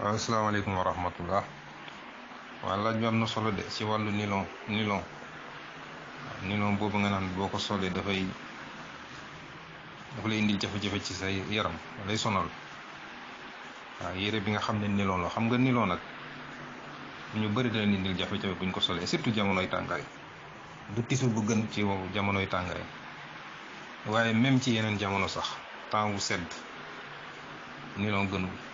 waaw asalaamaaleykum wa rahmatullah waaw laaj bi am na solo de ci wàllu nilon nilon waaw nilon boobu nga naan boo ko solee dafay dafa lay indil jafe-jafe ci sa yaram lay sonal waaw yére bi nga xam ne nilon la xam nga nilon nag ñu bari dana indil jafe-jafe buñ ko solee surtout jamonoy tàngaay du tisu bu gën ci jamonoy tàngaay waaye même ci yeneen jamono sax temps wu sedd nilon gënul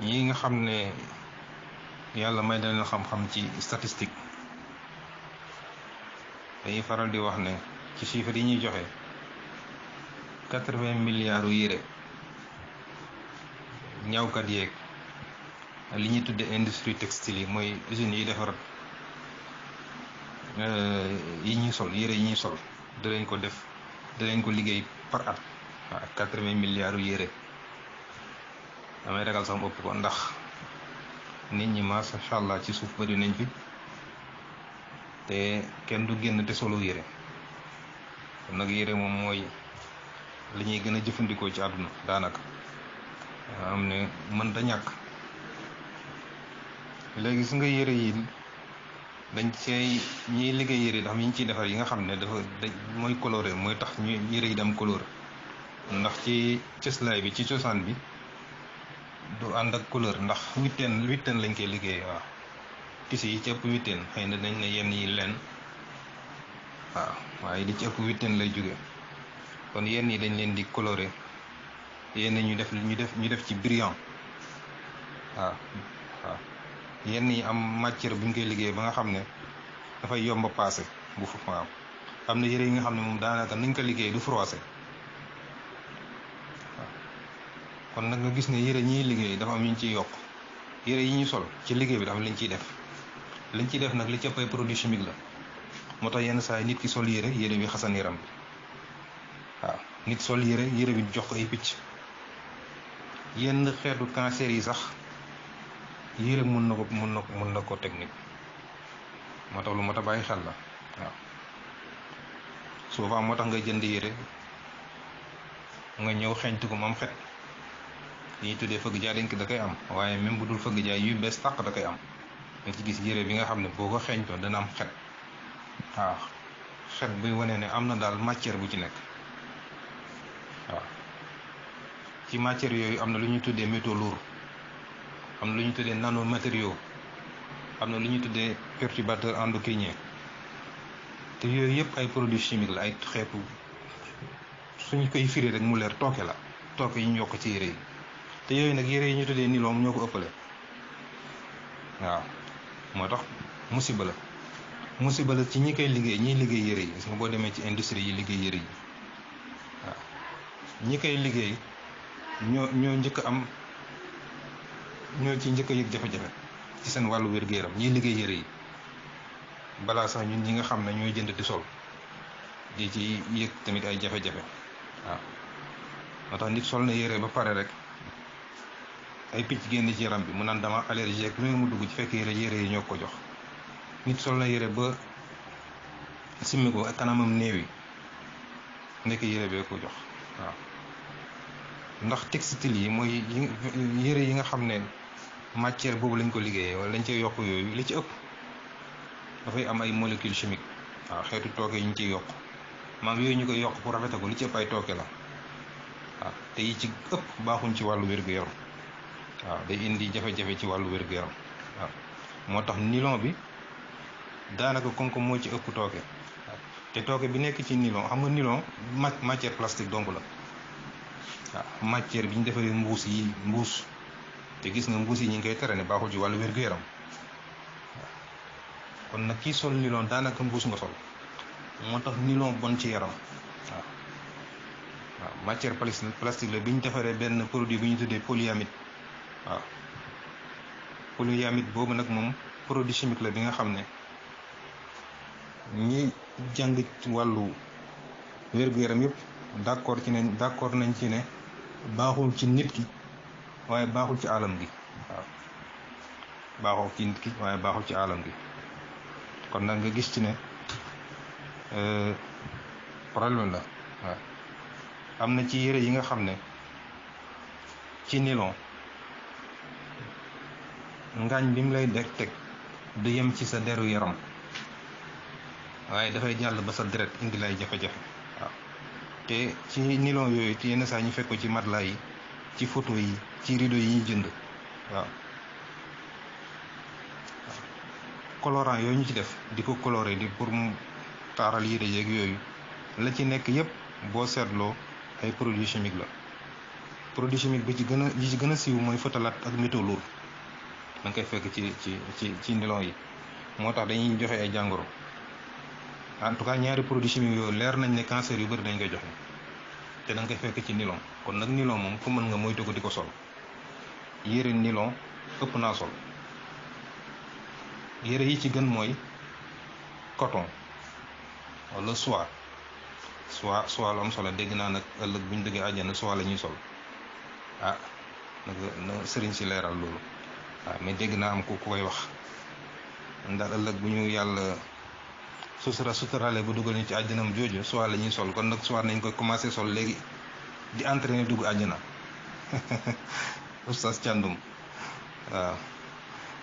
ñi nga xam ne yàlla may na leen xam-xam ci statistique dañuy faral di wax ne ci chiffres yi ñuy joxe quatre-vingts milliards u yére ñawkat yeeg li ñuy tudde industrie textile yi mooy usine yi defar euh, yi ñuy sol yére yi sol dalañ ko def lañ ko liggéey par at waaw quatre-vingts milliards yére damay ragal sama bopp ko ndax nit ñi macha allah ci suuf bari nañ fi te kenn du génn te solo yére nag yére moom mooy lañuy ñuy gën a jëfandikoo ci àdduna daanaka am ne mën ñàkk léegi su nga yére yi dañ cey ñiy liggéey yére yi dax mi ñu ciy defar yi nga xam ne dafa dañ mooy coloré mooy tax ñu yére yi dem coloré ndax ci cëslaay bi ci cosaan bi du ànd ak couleur ndax huitaine huitaine lañ koy liggéey waaw tissu yi ci ëpp huitaine xëy na dañ ne yenn yi leen waaw waaye li ci ëpp huitaine lay jóge kon yenn yi dañ leen di coloré yenn ñu def ñu def ñu def ci brillant waaw waaw yenn yi am matière buñ koy liggéey ba nga xam ne dafay yomb a paase bu fu waaw am na yëre yi nga xam ne moom daanaka nañ ko liggéey du froissé kon nag nga gis ne yére ñii liggéey dafa am yu ñu ciy yokk yére yi ñu sol ci liggéey bi dafa am li ciy def li ciy def nag li ci produit chimique la moo tax yenn saa yi nit ki sol yére yére bi xasan yaram bi waaw nit sol yére yére bi jox ko ay picc yenn xeetu cancer yi sax yére mun na ko mun na ko mun na ko technique moo tax lu moo tax bàyyi xel la waaw souvent moo tax nga jënd yére nga ñëw xeeñtu ko moom xet li ñuy tuddee fëgg jaay dañ ko da koy am waaye même bu dul fëgg jaay yu bees tàq da koy am nga ci gis yére bi nga xam ne boo ko xeeñtoo dana am xet waaw xet buy wane ne am na daal matière bu ci nekk waaw ci matière yooyu am na lu ñuy tuddee métaux lourds am na lu ñuy tuddee nanomatériaux am na lu ñuy tuddee perturbateur endocrinien te yooyu yëpp ay produits chimiques la ay xeetu suñ koy firi rek mu leer tooke la tooke yi ñu yokk ci yére yi te yooyu nag yére yi ñu tuddee niloom ñoo ko ëppale waaw moo tax musiba la musiba la ci ñi koy liggéey ñiy liggéey yére yi suma boo demee ci industrie yi liggéey yére yi ñi koy liggéey ñoo njëkk am ñoo ci njëkk a yëg ci seen wàllu wér yaram ñiy liggéey yére yi balaa sax ñu ñi nga xam ne ñoo jënd di sol di ci yëg tamit ay jafe-jafe waaw moo tax nit sol na yére ba pare rek ay picc génn ci yaram bi mu naan dama allergie ak lu mu dugg ci fekk yére yére yi ñoo ko jox nit sol na yére ba simmi ko ak kanamam néew yi ndekk yére bee ko jox waaw ndax textile yi mooy yére yi nga xam ne matière boobu lañ ko liggéeyee wala lañ cey yokk yooyu li ci ëpp dafay am ay molecule chimique waaw xeetu tooke yi ñu ciy yokk maam yooyu ñu koy yokk pour rafete ko li ci ëpp ay tooke la waaw te yi ci ëpp baaxuñ ci wàllu wér-gu-yaram waaw day indi jafe-jafe ci wàllu wér yaram waaw moo tax nilon bi daanaka comme que moo ci ëpp tooke te tooke bi nekk ci nilon xam nga nilon matière plastique donc la waaw matière bi ñu defaree mbuus yi mbuus te gis nga mbuus yi ñu ngi koy tere ne ci wàllu wér yaram kon nag kii sol nilon daanaka mbuus nga sol moo tax nilon bon ci yaram waaw waaw matière plastique la bi ñu defaree benn produit bi ñu tuddee polyamide waaw polyamide boobu nag moom produit chimique la bi nga xam ne ñi jàng wàllu wér-gu-yaram yëpp d'accord ci ne d'accord nañ ci ne baaxul ci nit ki waaye baaxul ci aalam gi waaw baaxul baaxul ci aalam gi kon nag nga gis ci ne euh, problème la waaw am na ci yére yi nga xam ne ci nilon ngaañ bi mu lay deg teg du yem ci sa deru yaram waaye dafay jàll ba sa deret indi lay jafe-jafe waaw te ci nilon yooyu te yenn saa ñu fekkoo ci matelas yi ci photo yi ci rideau yi ñu jënd waaw colorant yooyu ñu ci def di ko coloré di pour mu taaral yére yeeg yooyu la ci nekk yépp boo seetloo ay produits chimiques la produit chimique bi ci gën a li ci gën a siiw mooy phtalate ak métaux lourds da koy fekk ci ci ci ci nilon yi moo tax dañuy joxe ay jàngoro en tout cas ñaari produits chimiques yooyu leer nañ ne cancer yu bari dañ koy joxe te da koy fekk ci nilon kon nag nilon moom ku mën nga moytu ko di ko sol yére nilon ëpp naa sol yére yi ci gën mooy coton wala soie soie soie lu am solo dégg naa nag ëllëg bu ñu dëggee àjjana soie la ñuy sol ah na sëriñ si leeral loolu waa ah, mais dégg naa am ku koy wax ndax ëllëg bu ñu yàlla sutura suturale bu dugal ñu ci àjjanam jooju soit la ñuy sol kon nag soit nañ koy commencé sol léegi di entraîner dugg àjjana oustaz Thiandoum waaw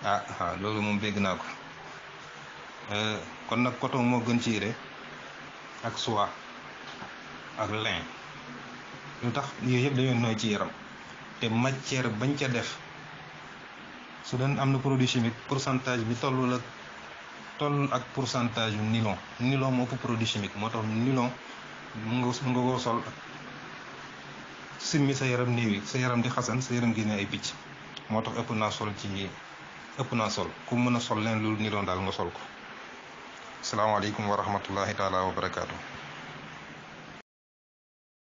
ah, ah loolu moom dégg naa ko euh, kon nag coton moo gën ci yére ak soie ak lin lu tax yooyu yëpp dañoo nooy ci yaram te matière bañ ca def su doon am na produit chimique pour pourcentage bi tollul ak toll ak pourcentage yu nylon nylon moo ëpp produit chimique moo tax nylon mun nga mun nga ko sol simmi sa yaram néew yi sa yaram di xasan sa yaram génne ay picc moo tax ëpp naa sol ci ëpp naa sol ku mën a sol leen lu nylon daal nga sol ko salaamaaleykum wa rahmatullahi taala wa barakaatu.